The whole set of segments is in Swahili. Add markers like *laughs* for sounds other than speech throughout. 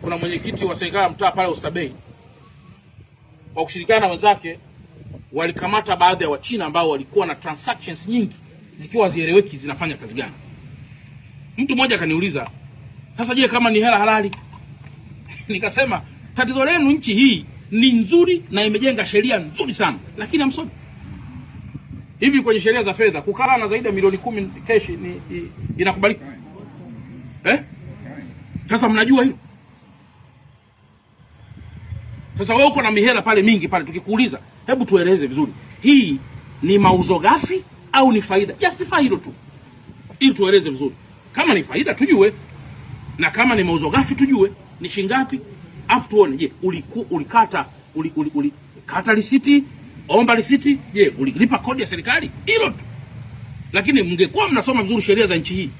kuna mwenyekiti wa serikali ya mtaa pale Oysterbay kwa kushirikiana na wenzake walikamata baadhi ya Wachina ambao walikuwa na transactions nyingi zikiwa hazieleweki zinafanya kazi gani. Mtu mmoja akaniuliza, sasa je, kama ni hela halali? *laughs* Nikasema tatizo lenu, nchi hii ni nzuri na imejenga sheria nzuri sana, lakini hamsomi. Hivi kwenye sheria za fedha Kukala na zaidi ya milioni kumi keshi ni, inakubalika eh? Sasa mnajua hilo. Sasa wewe uko na mihela pale mingi pale, tukikuuliza hebu tueleze vizuri, hii ni mauzo ghafi au ni faida? Justify hilo tu, ili tueleze vizuri. Kama ni faida tujue, na kama ni mauzo ghafi tujue ni shingapi, afu tuone, je, uliku, ulikata uli, uli, uli, kata risiti, omba risiti, je, ulilipa kodi ya serikali? Hilo tu. Lakini mngekuwa mnasoma vizuri sheria za nchi hii,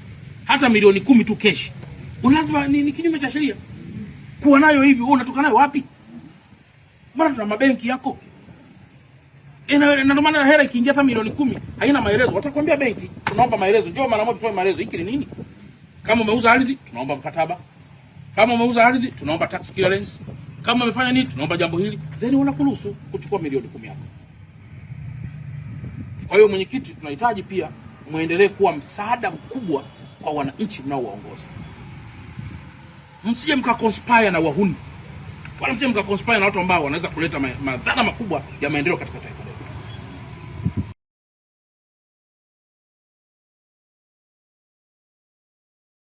hata milioni kumi tu keshi lazima ni, ni kinyume cha sheria kuwa nayo hivi. Wewe unatoka nayo wapi? Mbona tuna mabenki yako? Ndio maana hela ikiingia hata milioni kumi haina maelezo, watakwambia benki, tunaomba maelezo, njoo mara moja tutoe maelezo. Hiki ni nini? Kama umeuza ardhi, tunaomba mkataba. Kama umeuza ardhi, tunaomba tax clearance. Kama umefanya nini, tunaomba jambo hili, then wanakuruhusu kuchukua milioni kumi yako. Kwa hiyo, mwenyekiti, tunahitaji pia muendelee kuwa msaada mkubwa kwa wananchi mnaowaongoza, msije mkakonspire na wahuni wala mkakonspire na watu ambao wanaweza kuleta madhara makubwa ya maendeleo katika taifa.